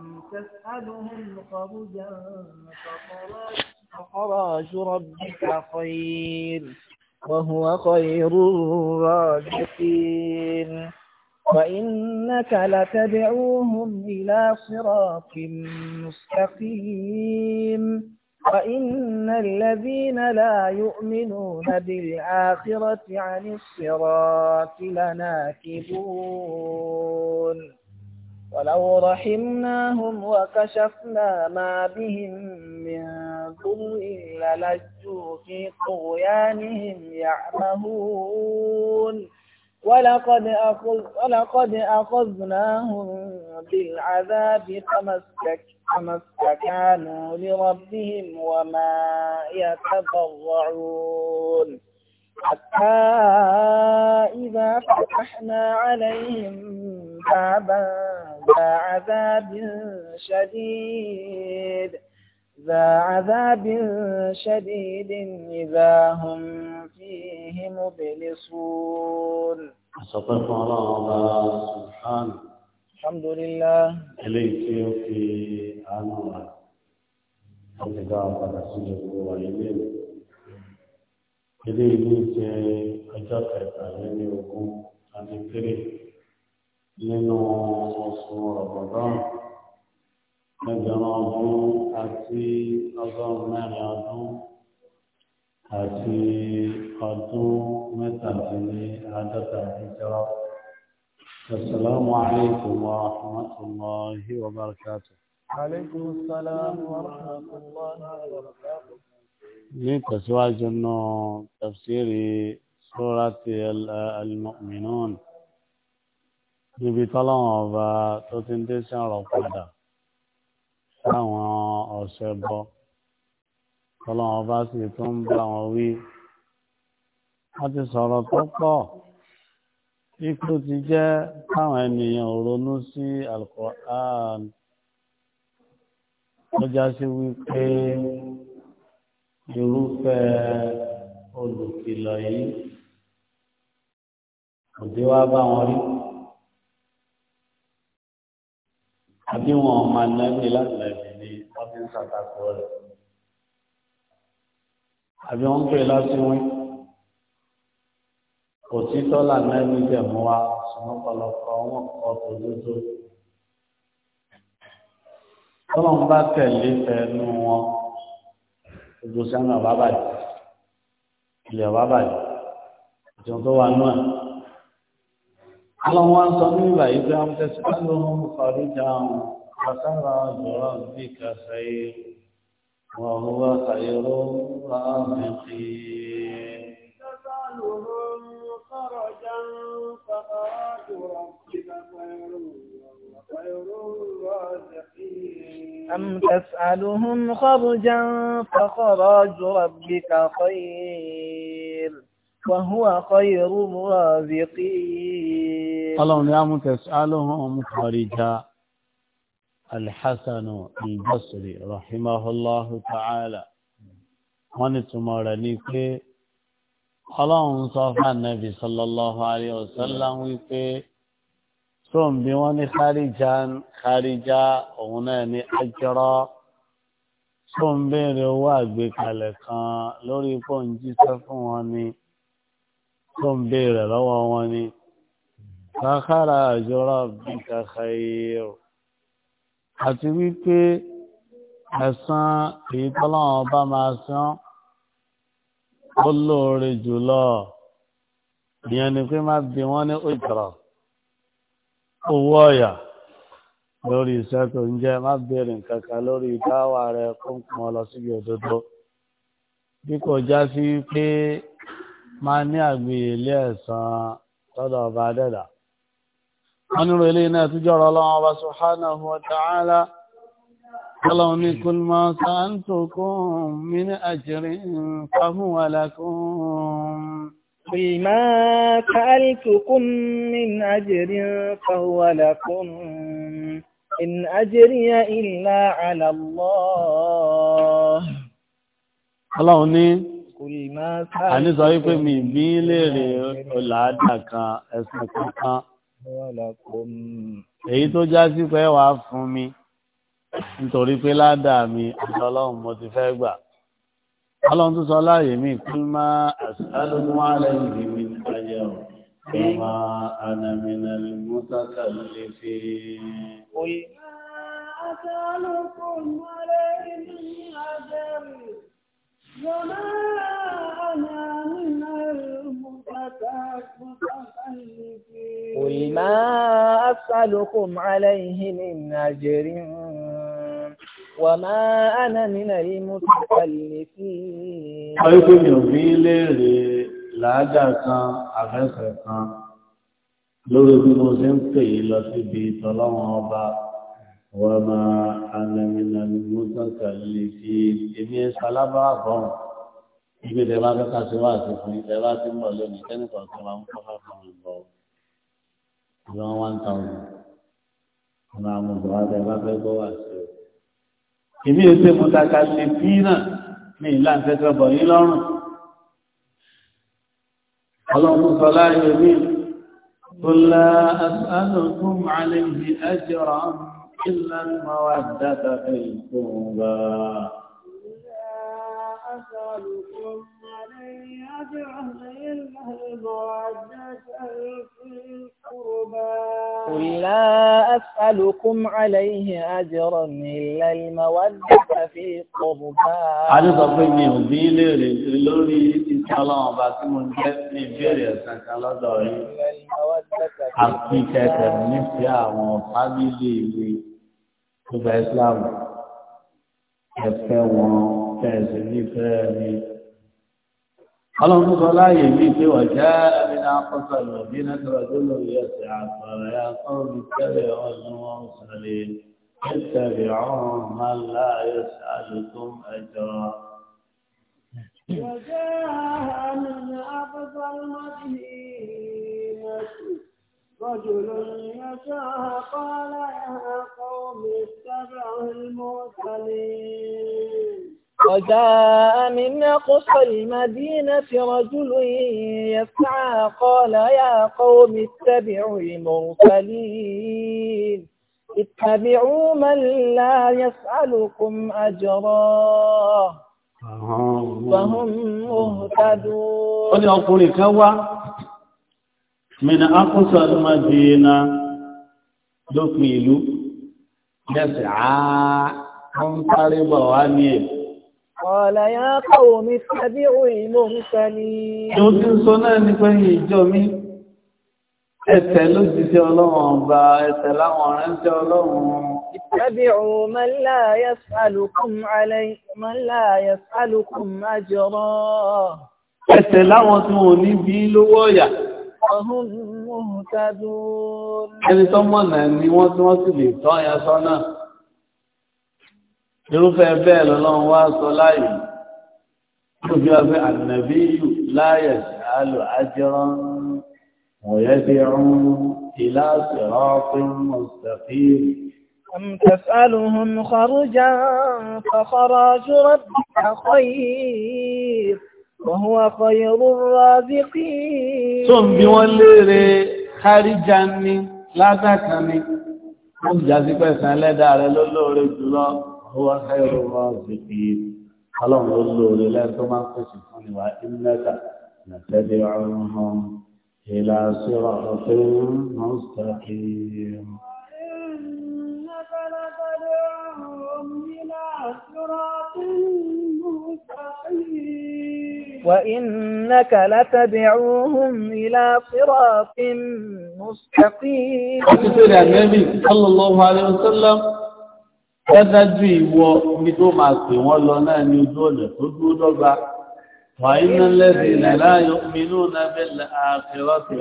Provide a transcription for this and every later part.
أم تسألهم خرجا فخراج ربك خير وهو خير الرازقين وإنك لتدعوهم إلى صراط مستقيم وإن الذين لا يؤمنون بالآخرة عن الصراط لناكبون ولو رحمناهم وكشفنا ما بهم من ضر للجوا في طغيانهم يعمهون ولقد, أخذ ولقد أخذناهم بالعذاب فما استكانوا لربهم وما يتضرعون حتى إذا فتحنا عليهم بابا ذا عذاب شديد ذا عذاب شديد إذا هم فيه مبلسون أصدق على الله سبحانه الحمد لله إليك في آنوة أصدقاء رسول الله ilé ilé jẹ ọjọ́ kẹtàlélẹ́ni ogún àti tírì nínú oṣù rọ̀bọ̀dán ẹgbẹ̀rún ọdún àti ọgọ́rùn-ún mẹ́rin ọdún àti ọdún mẹ́tàdínní àádọ́ta ìjọba. السلام عليكم ورحمة الله وبركاته. عليكم السلام ورحمة الله وبركاته ní ìtẹ̀síwájú náà tafsiri surati al-mu'minun níbi tọ́lọ́wọ́n ọba tó ti ń dé sí ọ̀rọ̀ padà láwọn ọ̀sẹ̀ bọ́ tọ́lọ́wọ́n ọba sì tún ń bá wọn wí wọ́n ti sọ̀rọ̀ tó pọ̀ ikú ti jẹ́ káwọn ènìyàn ronú sí Al-Qur'an já sí wípé irúfẹ́ olùkìlọ̀ yìí òde wá bá wọn rí àbí wọn máa nẹ́bí láti lẹ́bí ní wọ́n ti ń ṣàtàkùn rẹ̀ àbí wọ́n ń pè láti wín òtítọ́ là nẹ́bí jẹ̀ mú wa ṣùgbọ́n wọn kọ́ tòlótó tọ́lọ́mù bá tẹ̀lé fẹ́ẹ́ nú wọn gbogbo sánà ọba bàjẹ́ ilẹ̀ ọba bàjẹ́ ìjọba tó wà náà àwọn wọn sọ ní ìgbà yìí pé àwọn tẹsí wọn ló ń kọrí jà àwọn kàtàrà jọrọ bí kàṣà yìí wọn ò wá kàyọrọ láàmì sí i. خرجا فأرادوا أم تسألهم خرجا فخراج ربك خير وهو خير الرازقين اللهم يا أم تسألهم خرجا الحسن البصري رحمه الله تعالى ونتمر لك ọlọ́run sọ fún ànàbì sallallahu alayhi wa sallam wípé sóun bí wọ́n ní kárìjà kárìjà òun náà ní ajọ́rọ́ sóun béèrè owó àgbékalẹ̀ kan lórí pọ́ńjíṣẹ́ fún wọn ni sóun béèrè lọ́wọ́ wọn ni kàkàrà àjọrọ̀ bí kàkàyè àti wípé ẹ̀san èyí tọ́lọ́wọ́n bá máa san ó lóore jùlọ ìyẹn ni pé má bí wọ́n ní òjòrò. owó ọ̀yà lórí iṣẹ́ ń jẹ́ má bèèrè nǹkan kan lórí dáwà rẹ kó ń lọ síbi òdodo bí kò já sí pé máa ní ẹ̀sán tọ́dọ̀ ọba adẹ́dà wọn nírò jọrọ ọlọ́run ọba wa ta'ala ọlọ́run ní بِمَا سألتكم مِنْ أَجْرٍ فَهُوَ لَكُمْ إن أَجْرِيَ إِلَّا عَلَى اللَّهِ الله ني àní sọ wípé mi bí léèrè ọ̀làádà kan ẹ̀sùn kankan èyí tó já sí pé wàá fún mi nítorí pé ládàá mi àti ọlọ́run mo ti fẹ́ gbà ọlọ́run tó sọ láàyè mí kún máa àṣàlùmọ́ alẹ́ ìdí mi ayẹ́ ọ̀ kọ́má ànàmìnà mọ́tàkà lè fi oye. أسألكم عليه من أجر وما أنا من المتكلفين قل ما أسألكم عليه من أجر wàmá ànánínà ìmúṣàlẹ́fín. ọ̀rẹ́ pé mi ò fi léèrè làágà kan àfẹ́sẹ̀ kan lórí bí mo ṣe ń pè é lọ síbi tọ́lọ́wọ́n ọba wàmá ànánínà ìmúṣàlẹ́fín èmi ẹ̀ sálábà bọ̀ ibi tẹ bá kẹta ṣe wá àti fún ìtẹ bá ti ń lónìí kẹ́nìkan tó máa ń kọ́ fún àwọn èmi ò ṣe mọ̀tàkà ṣe bí náà ní ìlànà tẹ́tẹ́ bọ̀ yín lọ́rùn ọlọ́run sọ láàrin èmi tó lá asálùkún àlejì ẹjọ́rọ̀ ìlànà mọ́wàá dáadáa ẹ̀yìn tó قل لا أسألكم عليه أجرا إلا المودة في القربى عرض أبني أبيلي للولي إسلام باتم نفير يسنك الله داري حقيقة نفيا وفاميلي كوبا إسلام كفوا كاسم نفير قالوا صلاة يميت وجاء من أقصى المدينة رجل يسعى قال يا قوم اتبعوا المرسلين اتبعوا من لا يسألكم أجرا وجاء من أقصى المدينة رجل يسعى قال يا قوم اتبعوا المرسلين وجاء من أقصى المدينة رجل يسعى قال يا قوم اتبعوا المرسلين اتبعوا من لا يسألكم أجرا فهم مهتدون قد أقول كوا من أقصى المدينة دفيلو يسعى أنصر بوانيه Ọ̀la ya kọ̀wò mi tàbí òyìn mò ń sọ ní. Mo ti ń sọ náà ní pé ìjọ mi ẹsẹ̀ ló ti ṣe ọlọ́run ọba ẹsẹ̀ láwọn ọ̀rẹ́ńtẹ́ ọlọ́run. Ìtàbí òun man la yas'alukum alayhi man láwọn tí wọn ní bí irúfẹ́ bẹ́ẹ̀ lọ́lọ́run wá sọ láàyè tó bí wá pé ànàbí láyè ṣáàlù ajẹ́rán ويدعون إلى صراط مستقيم أم تسألهم خرجا فخراج ربك خير وهو خير الرازقين ثم بيولي خارجا لذاك من أم جازي بسان لدار لولو رجلو هو خير الرازقين اللهم الله لا كما قسم وإنك لتدعوهم إلى صراط مستقيم إنك لتدعوهم إلى صراط مستقيم وإنك لتدعوهم إلى صراط مستقيم. النبي صلى الله عليه وسلم Dájú ìwọ ibi tó máa pè wọ́n lọ náà ní ojú ọ̀nà tó dúró dọ́gba. Wà iná lẹ́sìn ìlàlá mínú náà bẹ́lẹ̀ àfẹ́rọ́tì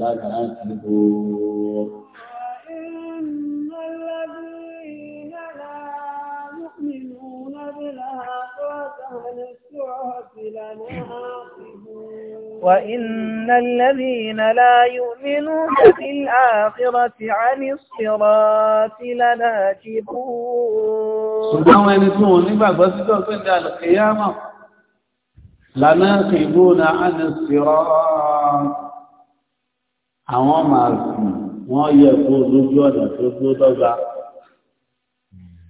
lágbàá ti bò. يؤمنون بالآخرة عن وإن الذين لا يؤمنون بالآخرة عن الصراط لناكبون سبحان الله وينسون إبا بسيطة عند القيامة لناكبون عن الصراط أمام عرفنا ويقول رجوع في الضوء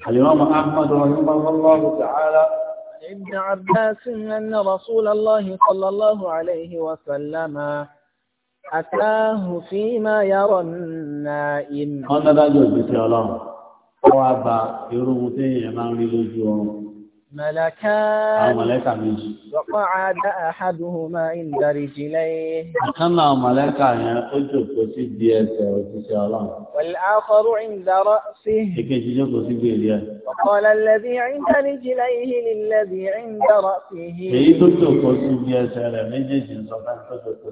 الإمام أحمد رحمه الله تعالى ابن عباس أن رسول الله صلى الله عليه وسلم أتاه فيما يرى النائم. هذا رجل بيت الله. هو أبا يروم تيجي من ملكان àwọn màláíkà méjì وقعد أحدهما عند رجليه ọ̀kan náà màláíkà yẹn ó jókòó والآخر عند رأسه ìkejì jókòó sí gbèrè وقال الذي عند رجليه للذي عند رأسه èyí tó jókòó sí di ẹsẹ̀ rẹ̀ méjèèjì ń sọ fẹ́ tó jókòó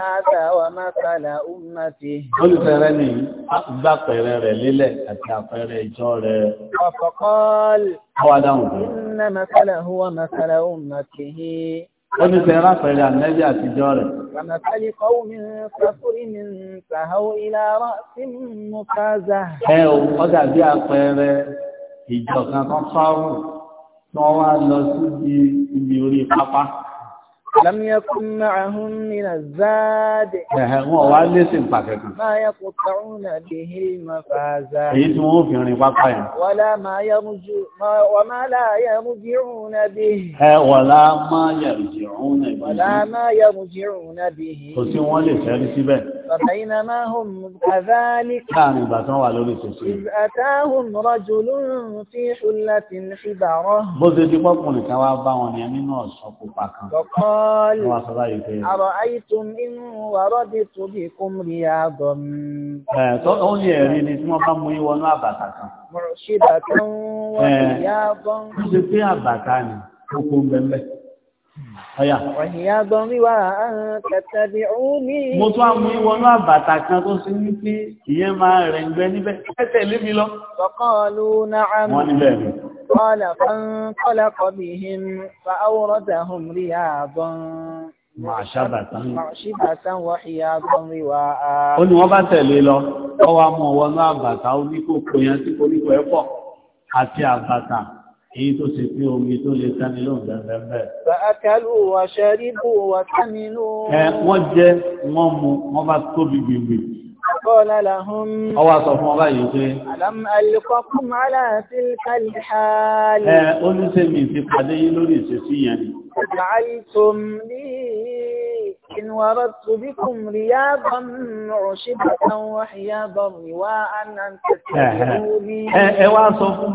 هذا ومثل أمته olùfẹ́rẹ́ ni gbàpẹ̀rẹ̀ rẹ̀ lélẹ̀ àti àpẹẹrẹ قال إن مثله ومثل أمته قد سيرافع إلى النبي أتجاره ومثل قوم كفر من سهوا إلى رأس مفازة حيو قد أبي أقير إجاقنا تصار نوال لسجي بيوري قطع لم يكن معهم من الزاد ما يقطعون به المفازا ولا ما يرجع ما وما لا يرجعون به ولا ما يرجعون به ولا ما يرجعون به فبينما هم كذلك إذ أتاهم رجل في حلة حبره فقال قال أرأيتم إن وردت بكم رياضا مرشدة ورياضا Ọ̀hìyá gbọ́n wíwá kẹtàbí òun ní. Mo tún àmú ìwọ̀nú àbàtà kan tó sí wípé ìyẹn máa rẹ̀ ń gbẹ́ níbẹ̀. Ẹ tẹ̀lé mi lọ. Sọ̀kan lónà àmì. Wọ́n níbẹ̀ rí. قال فانطلق بهم فأورثهم رياضا Màṣíbàtà wáhíyá gbọ́nrí wa á. Ó ní wọ́n bá tẹ̀lé lọ, ó wá mú ọwọ́ ní àbàtà oníkòkò yẹn èyí tó ṣe pé omi tó lè tẹ́ni lóun bẹ̀rẹ̀ Bàákàlù wà ṣẹ́ríbù wà tẹ́mi lóun. Ẹ wọ́n jẹ, wọ́n mu, wọ́n bá tóbi gbìngbìn. Kọ́lá làhún. Ọwọ́ sọ fún ọba yìí pé. Àlám àlùkọ́kùn aláàtí kàlìhàlì. Ẹ ó ní ṣe mi ti pàdé yín lórí ìṣesí yẹn ni. Làálítòm ní ìnwàrọ̀ tòbíkùn ríyá bọ́m rọ̀ṣíbà kan wáyá bọ́m ìwá ànàntẹ̀tẹ̀ Wọ́n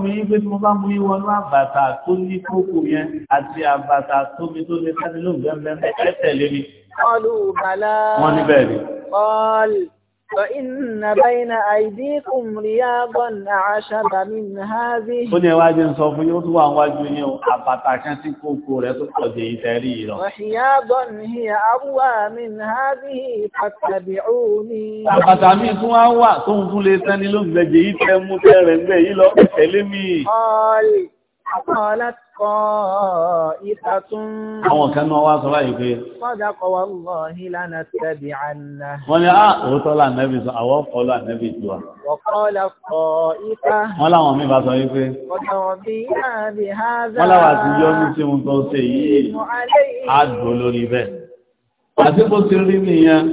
ní bẹ́ẹ̀ فإن بين أيديكم رياضا أعشب من هذه ó ní ẹwájú ń sọ fún yóò tún wà wájú ní àpàtà kan tí kókó rẹ̀ tó pọ̀ jẹ́ ìtẹ́rí lọ. وحياضا هي أروى من هذه فاتبعوني. àpàtà mi tún wá wà tó ń fún lè tán ní lóògbé jẹ́ ìtẹ́ mú tẹ́rẹ̀ ń gbé yìí lọ tẹ̀lé mi. ọ̀ọ́lì. Àwọn kan náà wá sọ láyé pé, wọ́n ni á ah, òótọ́ lànẹ́bì sọ, àwọ́ ọ̀pọ̀lọ́ ànẹ́bì jù wa. Wọ́n láwọn mí bá sọ wípé, wọ́n láwà ti yọ́ ní tí wọ́n tó ṣe yìí, á dò lórí bẹ́ẹ̀. Àti kó ti rí nìyẹn,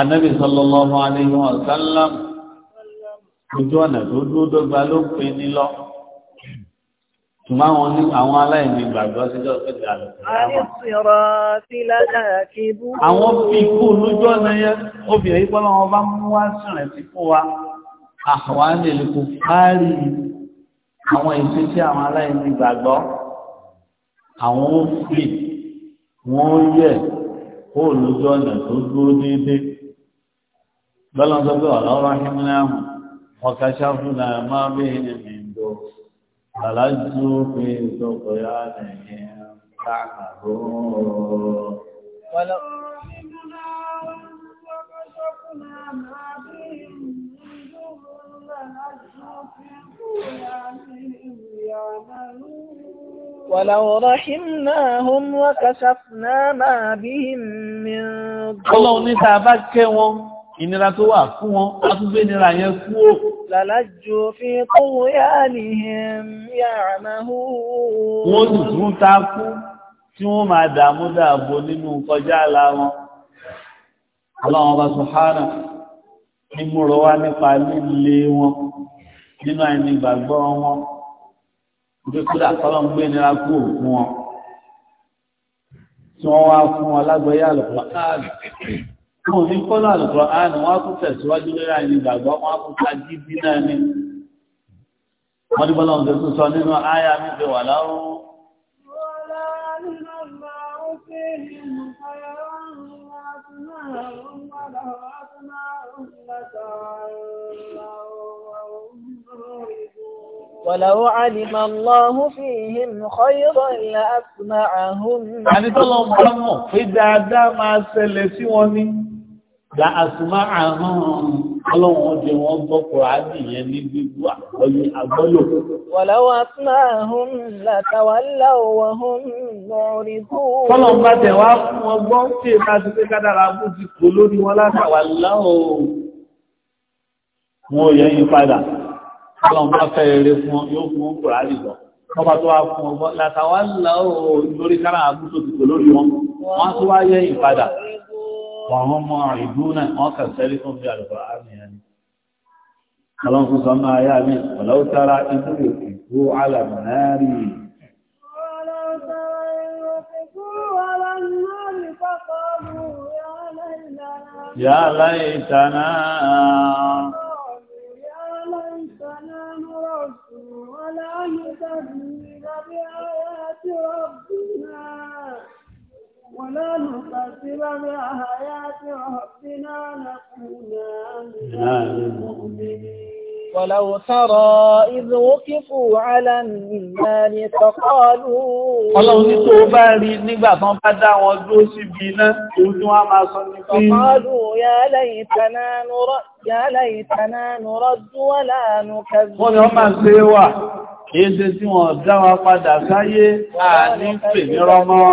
ànẹ́bì sallallahu alaihi Tùmá wọn ní àwọn aláìní gbàgbọ́ síjọ́ pẹ̀lú àlùkò. Àrísìrọ̀ sí lákàkí bú. Àwọn fi kú lójú ọ̀nà yẹn, obìnrin yìí pọ́lọ́ wọn bá mú wá sìnrìn sí fún wa. Àwọn àlèlè kò fárí àwọn ìṣe tí àwọn aláìní gbàgbọ́. Àwọn ó fi wọ́n yẹ̀ kó lójú ọ̀nà tó dúró déédéé. Bọ́lá فلجوا في طغيانهم تعمهون ولو ولو رحمناهم وكشفنا ما بهم من ضر. Ọlọ́run ní tá a bá kẹ́ wọn, ìnira tó wà fún wọn, a tún gbé ìnira yẹn kúrò. للجوا في طغيانهم يعمهون wọ́n sì tún takú tí wọ́n máa dààmú dààbò nínú kọjá àlá wọn ọlọ́wọ́n bá sọ̀hánà ní múrọ̀ wá nípa líle wọn nínú àìní ìgbàgbọ́ wọn pé kódà kọ́lọ́ ń gbé nira kú òkú wọn tí wọ́n wá fún wọn lágbẹ̀yà lọ́pàá wọn ní kọ́lá àlùkò àánú wọn kún tẹ̀síwájú lẹ́yà ní ìgbàgbọ́ wọn kún ká gidi náà ní. wọ́n ní bọ́lá tuntun sọ nínú àyà mi ti wà láwọ́. ولو علم الله فيهم خيرا لأسمعهم. àti tó lọ́n bá mọ̀ fi dáadáa la àsùnmá àrùn ọlọ́run ọdẹ wọn gbọ́ kùránì yẹn ní gbígbó àgbọ́lé àgbọ́lò. wọ̀lọ́wọ́ àtúnmá àhún làtàwálà òwò hún lọ́rí kú. kọ́lọ̀ ń bá tẹ̀ wá fún wọn gbọ́ tí èmi àti pé kádàrà kú ti kò lórí wọn látàwálà o. wọn ò yẹ yín padà kọ́lọ̀ ń bá fẹ́ rere fún wọn yóò fún kùránì lọ. ọba tó wá fún wọn gbọ́ làtàwálà o lórí kárà àkútó ti kò lórí wọn wọn á wá yẹ yín padà wàhún mọ́ ìdúnà wọ́n kà sẹ́rí fún bí àlùkò àmì ẹni ọlọ́run sọ máa yá mi ọlọ́tara inú ìkú alàmìnárì ولا نكذب بآيات ربنا نكون ولو ترى إذ وقفوا على النار فقالوا Ọlọ́run ní tó bá rí nígbà tán bá dá wọn dúró síbi iná, يا ليتنا نرد ولا نكذب. Wọ́n ni wọ́n Èdè tí wọ́n dá wa padà sáyé àní pè nírọ́ mọ́.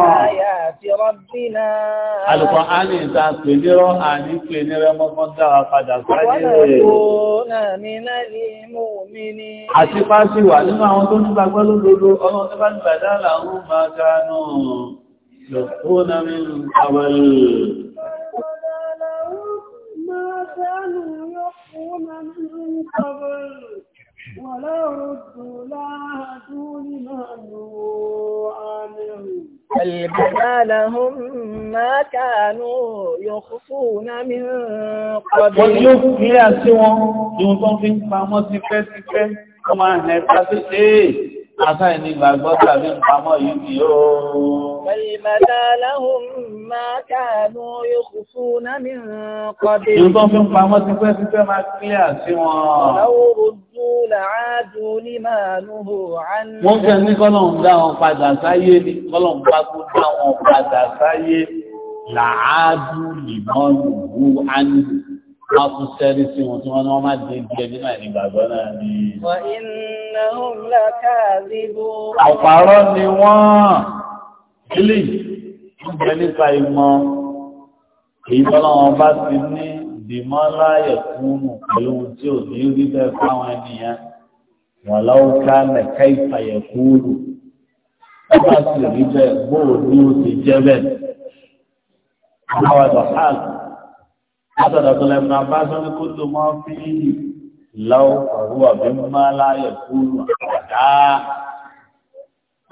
Àlùkọ́ àní ìta pè nírọ́ àní pè nírọ́ mọ́kọ́ dá wa padà sáyé rẹ̀. Àti pàṣí wà nínú àwọn tó nígbàgbọ́ lódodo ọlọ́run tó بل بدا لهم ما كانوا يخفون من قبل tó fi ń pamọ́ sí pẹ́ Afẹ́ ni gbàgbọ́ tàbí pamọ́ yìí kì yóò. Ẹlìmọ̀dá aláhùn máa káànú yóò fún náà ní kọ́dé. Yóò tó fi ń pamọ́ ti pẹ́ sí pẹ́ máa kílẹ̀ sí wọn. Ọ̀làwòrò dú làádùn ní Wọ́n fẹ́ ní kọ́lọ̀ ń padà sáyé ni kọ́lọ̀ ń bá padà sáyé làádùn ìmọ̀nù án a tún sẹ́rí sí wọn tí wọ́n náà máa dé bí ẹni náà ní gbàgbọ́ náà ni. wọ́n iná ńlá káàrí bó. àpárọ́ ni wọ́n ilé ìgbẹ́ nípa ìmọ̀ èyí tọ́lá wọn bá ti ní dìmọ́ láàyè fúnnù pẹ̀lú ohun tí ò ní rí bẹ́ẹ̀ fáwọn ènìyàn wọn lọ́wọ́ ká nẹ̀ka ìfàyẹ̀ kúrò wọ́n bá sì rí bẹ́ẹ̀ bóòlù ti jẹ́ bẹ́ẹ̀. àwọn àgbà látọ̀dọ̀ tó lẹ́nu abá sọ́ni kó tó mọ́ fi lọ́wọ́ ọ̀rú ọ̀bí mọ́ láyọ̀ kúrò àdá.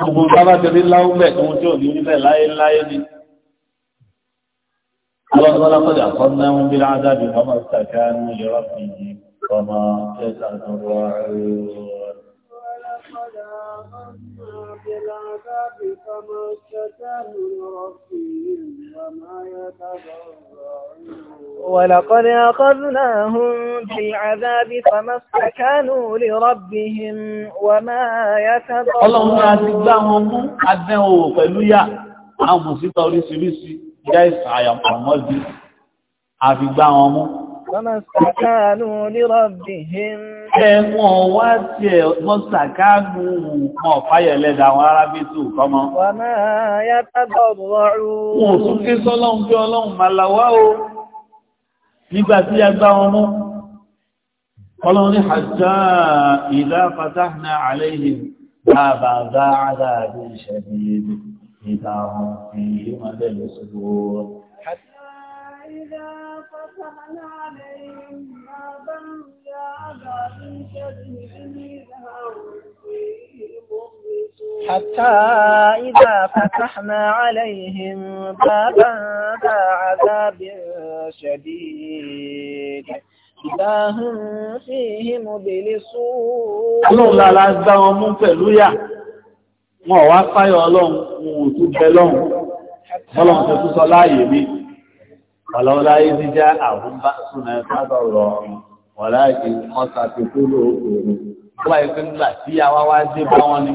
Gbogbo bábá ti rí láwọ́ bẹ̀ tó ń tí ò ní rí bẹ̀ láyé láyé ni. Àwọn ọ̀dọ́ lápọ̀dà kọ́ náà ń bí ládàbí ọmọ ìtàkà ní ìrọ̀ fi yí ọmọ ẹ̀sán rọ̀ ẹ̀rọ. في العذاب فما استكانوا لربهم وما ولقد أخذناهم بالعذاب فما استكانوا لربهم وما يتضرعون اللهم أتبعهم أدنوا فلويا أنفسك أولي سبيسي جايس عيام أمالدي أفضلهم Wọ́n sàkánú nírọ̀bì hìn. Ẹ̀wọ̀n wá tí ẹ̀ wọ́n sàkánú mọ̀ fáyẹ̀ lẹ́dà àwọn arábítù kọmọ. Wọ́n máa yá tábọ̀ rọrù. Wọ́n tún ké sọ́lọ́un bí ọlọ́run màláwá o. ní hatta idha fatahna alayhim baba za adhabin shadid. Ìdá àwọn fi إذا فتحنا عليهم بابا جعل من شده حتى إذا فتحنا عليهم بابا ذا عذاب شديد إذا هم فيه مبلسون Ọlọ́run lára ń dá wọn mú pẹ̀lú yà. Wọ́n wá fáyọ̀ ọlọ́run, wọn ò tún bẹ lọ́run. Ọlọ́run tó tún sọ láàyè mi ọlọ́wọ́lá yìí ti já àwọn bá súnà sábọ̀rọ̀ wọ̀lá yìí wọ́n ṣàfikún lóògùn tó bá yìí fi ń gbà tí àwa wá dé bá wọn ni.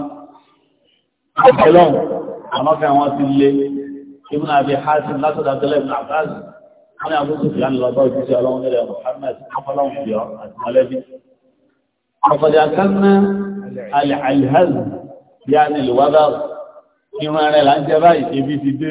ọlọ́run àwọn ọ̀fẹ́ wọn ti lé ibùdó àbí hasim látọ̀dọ̀ abdullahi ibn abbas wọn ni àbúrò sùfìyàn lọ́dọ̀ òṣìṣẹ́ ọlọ́run nílẹ̀ muhammed ọlọ́run yọ àti mọ́lẹ́bí. ọ̀fọ̀dà kanna alhaz yáni lùwádà ìrún ẹ̀rẹ̀ là ń jẹ báyìí ebi ti dé.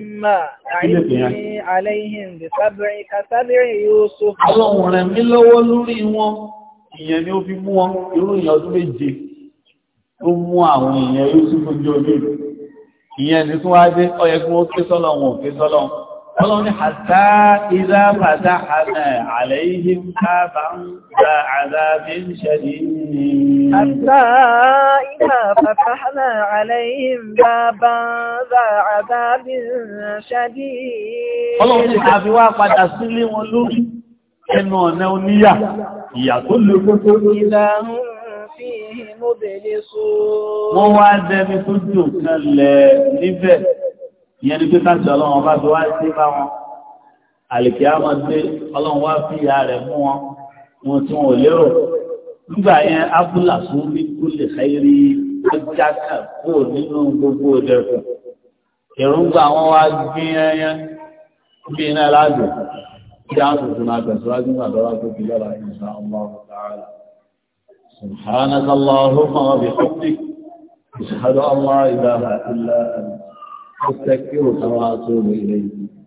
Allahumma àìní alayhim Ọlọ́run rẹ̀ mí lọ́wọ́ lórí wọn, ìyẹn ni ó fi mú wọn, irú ìyẹn ọdún méje tó mú àwọn èèyàn yóò sí fojú omi. Ìyẹn ni tún wá dé, ó yẹ kí wọ́n ké sọ́lọ́ ké sọ́lọ́ ọlọ́run ni hàtà ìdá fàtà àlẹ́yìn kábà ń gba àdábí ń ṣẹ̀dí hàtà ìdá fàtà àlẹ́yìn kábà ń gba àdábí ń ṣẹ̀dí ọlọ́run ni àfi wá padà sílé wọn lórí ẹnu ọ̀nà oníyà ìyà tó lè kókó wọ́n wá dẹni tó jù kan lẹ níbẹ̀ ìyẹn ni pé káàtì ọlọ́run ọba tó wá sí bá wọn àlèkè á máa dé ọlọ́run wá fi ìyá rẹ̀ mú wọn wọn tí wọn ò lérò nígbà yẹn abúlà fún mi kú lè xẹ́rí ọjà kà kó nínú gbogbo ìdẹ̀kùn èròǹgbà wọn wá gbé yẹn bí iná láàbò kí á tuntun náà tẹ̀síwájú nígbà tó tó fi lọ́la insha Allah ta'ala. سبحانك اللهم وبحمدك أشهد أن لا إله إلا أنت أستغفرك وأتوب إليك